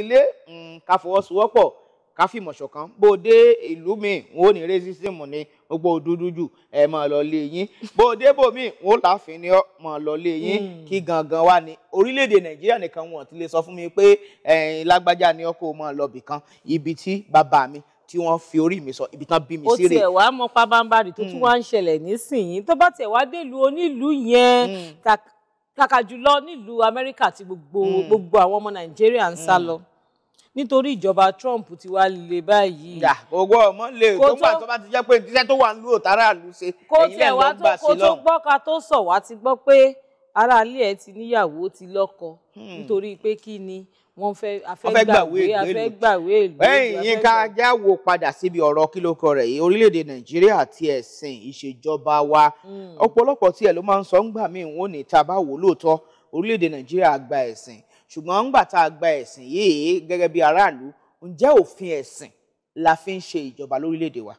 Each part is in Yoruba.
ilé mm, ká fọwọ́sowọ́pọ̀ ká fìmọ̀ ṣọ̀kan bó dé ìlú mi n ó ní rẹ́sísìmù ni gbogbo dúdú jù ẹ mọ̀ lọ lé yín bó dé bòmí n ó láàfin ni mọ̀ lọ lé yín hmm. kí gangan wá ní orílẹ̀-èdè nàìjíríà nìkan wọn ti lè sọ fún mi pé ẹ̀yin lágbájá ni ọkọ̀ mọ̀ lọ́bì kan ibi tí bàbá mi tí wọ́n fi orí mi sọ ibi tán bí mi sí rè. ó tiẹ̀ wá mọ pabambarì tó tún hmm. wá ń ṣẹlẹ̀ nísìnyí tó bá tiẹ̀ wá délùú onílùú yẹn hmm kàkà jùlọ nílùú amẹ́ríkà tí gbogbo hmm. gbogbo àwọn ọmọ nàìjíríà ń sá hmm. lọ nítorí ìjọba trump ti wá lè báyìí. yà owó ọmọ lè tó gbà tó bá ti jẹ́ pé iṣẹ́ tó wà ń lù òtárà àlù ṣe èyí lè lọ gbà kó tó gbọ́ ká tó sọ̀ wá ti gbọ́ pé aráalé ẹ̀ ti níyàwó ti lọ́kọ hmm. nítorí pé kí ni wọ́n fẹ́ afẹ́ gbàwé afẹ́ gbàwé ìlú. ẹ̀yìn yín ká já wo padà síbi ọ̀rọ̀ kílókọ rẹ̀ yìí orílẹ̀-èdè nàìjíríà àti ẹ̀sìn ìṣèjọba wa hmm. ọ̀pọ̀lọpọ̀ tiẹ̀ ló máa ń sọ ńgbà míì wọ́n ní tá a bá wò lóòótọ́ orílẹ̀-èdè nàìjíríà gba ẹ̀sìn ṣùgbọ́n ńgbà tá a gba ẹ̀sìn yìí gẹ́gẹ́ bí aráàlú ǹjẹ́ òfin ẹ̀sìn la fi ń ṣe ìjọba lórílẹ̀-èdè wa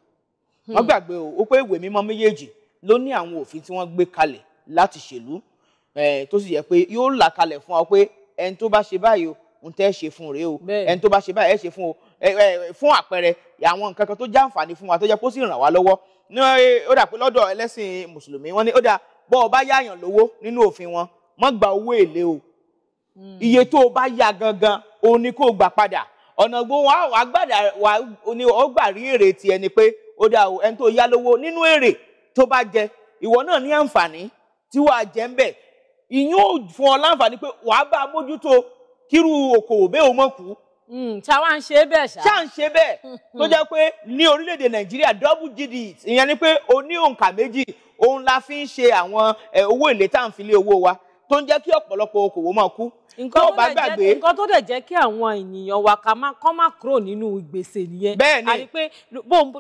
wọ́n hmm. gbàgbé o pé ìwé mímọ́ méjèèjì ló ní àwọn òfin tí wọ́n gbé kalẹ̀ láti ṣèlú tó sì yẹ pé yóò là kalẹ̀ fún ọ pé ẹni tó bá ṣe báyìí ń tẹ́ ṣe fún rèé o ẹni tó bá ṣe báyìí ẹ ṣe fún o fún àpẹẹrẹ àwọn nǹkan kan tó já àǹfààní fún wa tó jẹ́ kó sì ràn wá lọ́wọ́ ní ó dà pé lọ́dọ̀ ẹlẹ́sìn mùsùlùmí wọ́n ní ó dà bọ́ ọ bá yáàyàn lówó nínú òfin wọn má gba owó èlé o hmm. iye tó o bá yá gangan o ní kó o gbà padà ọ̀nà gbogbo wa wàá gbàdà wa ni ọ gbà rí èrè tiẹ̀ ni pé ó dà o ẹni tó yá lówó nínú èrè tó bá jẹ ìwọ náà ní àǹfààní tí wàá jẹ ń bẹ̀ ìyún ò fún ọ láǹfààní pé wàá bá mójútó kírú okòwò bẹ́ẹ̀ ò mọ̀ kú. ṣáwa hmm, ń ṣe bẹ́ẹ̀ ṣá. ṣáà ń ṣe bẹ́ẹ̀ tó jẹ́ pé ní orílẹ̀-èdè nàìjíríà double digit e ìyẹn ni pé oní òǹkà méjì òun la fi ń ṣe àwọn owó èlé tá à ń fi owó wa tó ń jẹ́ kí ọ̀pọ̀lọpọ̀ okòwò máa kú nǹkan tó bá gbàgbé nǹkan tó dẹ̀ jẹ́ kí àwọn ènìyàn wa ká má kọ́ má kúrò nínú gbèsè nìyẹn bẹ́ẹ̀ ni àti pé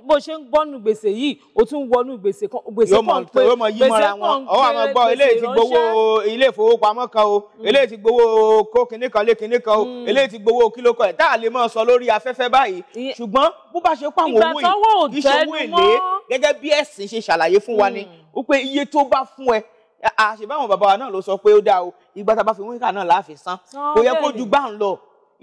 bó ṣe ń gbọ́nú gbèsè yìí o tún wọnú gbèsè kan gbèsè kan pé gbèsè kan pé ọwọ́ àwọn gbọ́ eléyìí ti gbowó ilé ìfowópamọ́ kan o mm. eléyìí ti gbowó kó kinní kan lé kinní kan o mm. eléyìí ti gbowó kíló kan ẹ̀ tá a lè máa sọ lórí afẹ́fẹ́ báyìí ṣùgbọ́n bó bá ṣe pàwọn àṣebáwọn bàbá wa náà ló sọ pé ó dáa o ìgbà tá a bá fi wíńkà náà láàfin san kò yẹ kó ju gbà ń lọ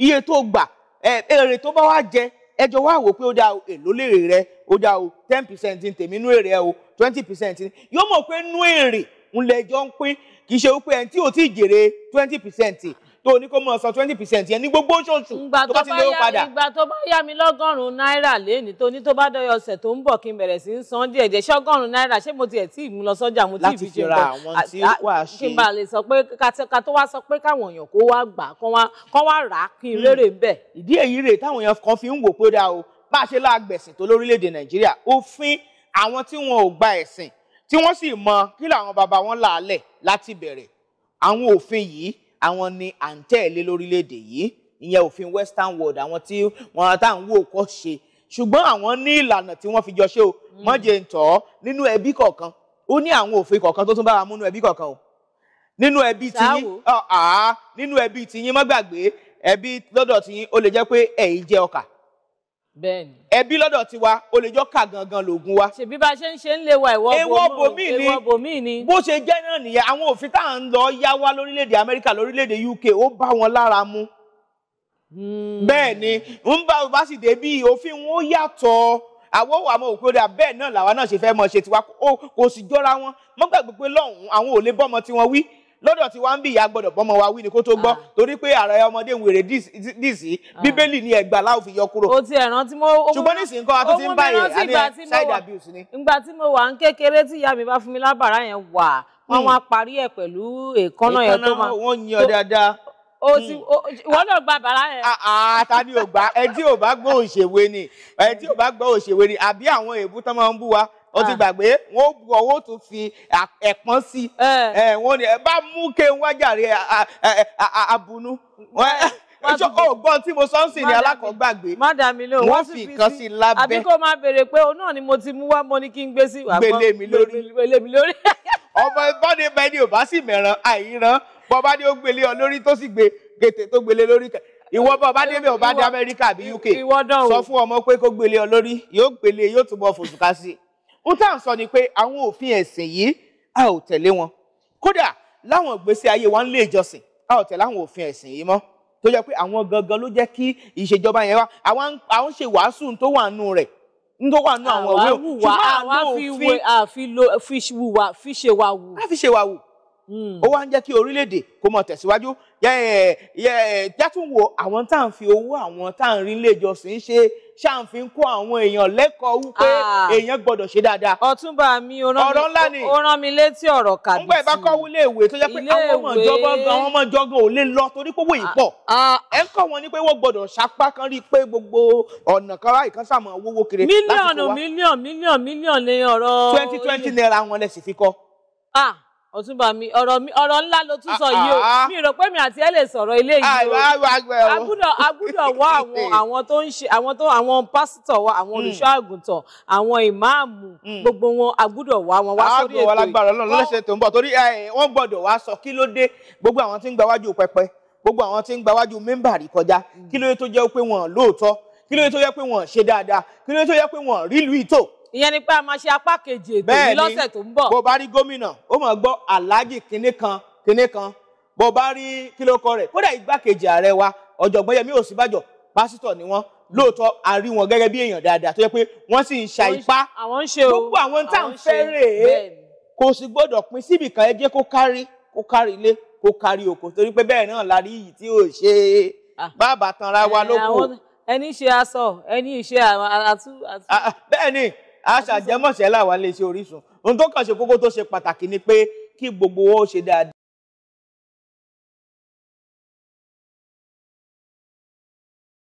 iye tó gbà èrè tó bá wá jẹ ẹjọ wá wò pé ó dáa o èló lèrè rẹ ó dáa o ten percent ní tèmi nú èrè o twenty percent ní yóò mọ̀ pé nú èrè ńlẹjọ ń pín kì í ṣe wípé ẹni tí ò tí ì jèrè twenty percent tó o ní kó mọ̀ sọ twenty percent yẹn ní gbogbo oṣooṣù tó bá ti lówó padà. ìgbà tó bá yá mi lọ́gọ́rùn-ún náírà léèní tó ní tó bá dọ́yọ̀ ọ̀sẹ̀ tó ń bọ̀ kí n bẹ̀rẹ̀ sí í san díẹ̀ díẹ̀ ṣọ́gọ́rùn-ún náírà ṣé mo tiẹ̀ tí ì mú lọ sọ́jà mo tí ì fi jẹun bọ̀ kí n bá lè sọ pé ká tó wá sọ pé káwọn èèyàn kó wá gbà kán wá rà á kí n hmm. rérè ń bẹ̀. ìdí èyí rèé táwọn èèyàn kan fi ń wò pé àwọn ni à ń tẹ̀lé lórílẹ̀‐èdè yìí ìyẹn òfin western world àwọn tí wọ́n tá à ń wò kọ́ ṣe ṣùgbọ́n àwọn ní ìlànà tí wọ́n fi jọ ṣe o hmm. mọ́jẹ̀ ń tọ́ nínú ẹbí kọ̀ọ̀kan ó ní àwọn òfin kọ̀ọ̀kan tó tún bá wa múnú ẹbí kọ̀ọ̀kan o nínú ẹbí tiyín nínú ẹbí tiyín má gbàgbé ẹbí lọ́dọ̀ tiyín ó lè jẹ́ pé ẹ̀yin jẹ ọkà bẹ́ẹ̀ni. ẹbí lọ́dọ̀ tiwa o lè jọ kà gangan lògùn wa. ṣèbí bá a ṣe ń ṣe ń lè wa ìwọ bòmí ni bó ṣe jẹ́ náà nìyẹn àwọn òfin tá à ń lọ yá wá lórílẹ̀‐èdè amẹ́ríkà lórílẹ̀‐èdè uk ó bá wọn lára mu. Hmm. bẹ́ẹ̀ ni ń bá o bá sì dé bí òfin wọn ó yàtọ̀ àwọn òwò àmọ́ òkú dà bẹ́ẹ̀ náà làwa náà ṣe fẹ́ mọ̀ ṣe tiwa kò sì jọra wọn mọ́gbàgbé pé lọ́hùn-ún àwọn ò lè bọ́mọ tiwọn wí lọ́dọ̀ tí wàá ń bì ìyá gbọ́dọ̀ bọ́mọ wa wí ni kó tó gbọ́ ah. torí pé ààrẹ ọmọdé ń wèrè dìsí ah. bíbélì ni ẹgbà láò fi yọ kúrò. o ti ẹ̀ràn tí mo. ṣùgbọ́n nísìnyí nǹkan àti ti ń bá yẹn àní side abuse ni. ìgbà tí mo wà ń kékeré tí ìyá mi bá fún mi lábàrá yẹn wà wọ́n wá hmm. parí ẹ̀ pẹ̀lú èékánná yẹn tó máa. èékánná wọn yan dáadáa o hmm. ti wọn náà gba bàrà yẹn. ata ah, ni ò gbà ẹ tí ò bá gbọ́ òṣèwé ni ẹ tí ò bá gbọ́ òṣèwé ni àbí àwọn èébú tán máa ń bú wa ó ti ah. gbàgbé wọn ó bu ọwọ́ tó fi ẹ̀pọ́n sí i eh. eh, wọn ni ẹ bá mú ké wájàre abunú ṣé o gbọ́ tí mo sọ ń sìn ní alákọ̀ọ́gbàgbé wọ́n fi kan sí lábẹ́ àbí kó máa béèrè pé òun náà ni mo ti mú wá mo ní kí n gbé sí wàá gbọ́ gbélé mi lórí ọmọ bọ́dé bẹ́ẹ̀ ni ò bá sì mẹ̀ràn àìràn bọ́bá ni ó gbélé ọ lórí tó sì gbé gètè tó gbélé lórí kẹ ìwọ bá ọba débẹ̀ ọba dé Amẹ́ríkà àbí UK sọ fún ọmọ pé kó gbélé ọ lórí yóò gbélé yóò túbọ̀ fòṣùkà sí i ohun tá à ń sọ ni pé àwọn òfin ẹ̀sìn yìí a ò tẹ̀lé wọn kódà láwọn ìgbésí ayé wa ń lé ìjọsìn a ò tẹ̀lé àwọn òfin ẹ̀sìn yìí mọ́ tó jẹ́ pé àwọn gangan ló jẹ́ kí ìṣèjọba yẹn wá àwọn ṣe wàásù tó wà nù rẹ̀ ndo wà nù àwọn òwe o ṣùgbọ́n àná òfin àwa fi wùwà fi ṣe wà ṣe wà wù. Hmm. ó wá ń jẹ́ kí orílẹ̀-èdè kó mọ tẹ̀síwájú játúnwò àwọn tá à ń fi owó àwọn tá à ń rí ilé ìjọsìn ṣe ṣàǹfi ń kó àwọn èèyàn lẹ́kọ̀ọ́ wípé ah. èèyàn gbọ́dọ̀ ṣe dáadáa. ọ̀túnba mi ó rán mi létí ọ̀rọ̀ kàbìtì. nígbà ìbákọ́ wo ilé ìwé tó jẹ́ pé àwọn ọmọ ìjọgbọ́n gan àwọn ọmọ ìjọgbọ́n ò lè lọ torí pé wòye pọ̀. Ah, ah, ẹ ń kọ́ wọn ní pé wọ́n gbọ́dọ̀ ṣapá kan rí i pé gbogbo ọ̀nà kan ráì kan sàmọ̀ owó kiri láti kó mílíọ̀nù mílíọ̀nù mílíọ̀nù twenty twenty naira wọn lẹ sì ọ̀túnba mi ọ̀rọ̀ mi ọ̀rọ̀ ńlá ló tún sọ yìí o ah, ah. mi rò pé mi àti ẹ lè sọ̀rọ̀ ilé yìí o agbúdọ̀ agbúdọ̀ wá àwọn àwọn tó ń ṣe àwọn tó àwọn pásítọ̀ wa àwọn hmm. olùṣọ́ àgùntàn àwọn ìmáàmù hmm. gbogbo wọn agbúdọ̀ wá wọn wá sórí ètò yìí. àwọn alágbára Ọlọ́run lọ́sẹ̀ tó ń bọ̀ torí wọ́n gbọ́dọ̀ wá sọ kí ló dé gbogbo àwọn tí ń gbawájú pẹpẹ gbogbo àwọn tí ń gbawájú mẹ́mbàrí kọjá hmm. kí ló dé tó jẹ́ pé wọ́n lóòótọ́ kí ló dé tó jẹ́ pé wọ́n ṣe dáadáa kí ló dé tó jẹ́ pé wọ́n rílùú ìtò ìyẹn ni pé a máa ṣe apá kejì ètò yìí lọ́sẹ̀ tó ń bọ̀. bó bá rí gómìnà ó máa gbọ́ aláàjì kinní kan kinní kan bó bá rí kílókọ rẹ̀ kódà igbákejì ààrẹ wa ọ̀jọ̀gbọ́n Yẹmí Ọ̀sínbàjò pásítọ̀ ni wọ́n lóòótọ́ a rí wọn gẹ́gẹ́ bí èèyàn dáadáa tó yẹ pé wọ́n sì ń ṣa ipá gbogbo àwọn tá à ń fẹ́ rèé kò sì gbọ́dọ̀ pín síbì kan ẹ kó kárí kó kárí ilé kó kárí oko torí pé bẹ́ẹ̀ náà la rí iyì tí ò ṣe bàbá ah. tanra wa lóko. ẹni ṣe aṣọ ẹni ṣe àtú. Ah, ah, bẹ́ẹ̀ àṣà jẹ́mọ̀ṣẹ́ làwọn iléeṣẹ́ Orísun ohun tó kàn ṣe kókó tó ṣe pàtàkì ni pé kí gbogbo wọn ṣe dáadáa.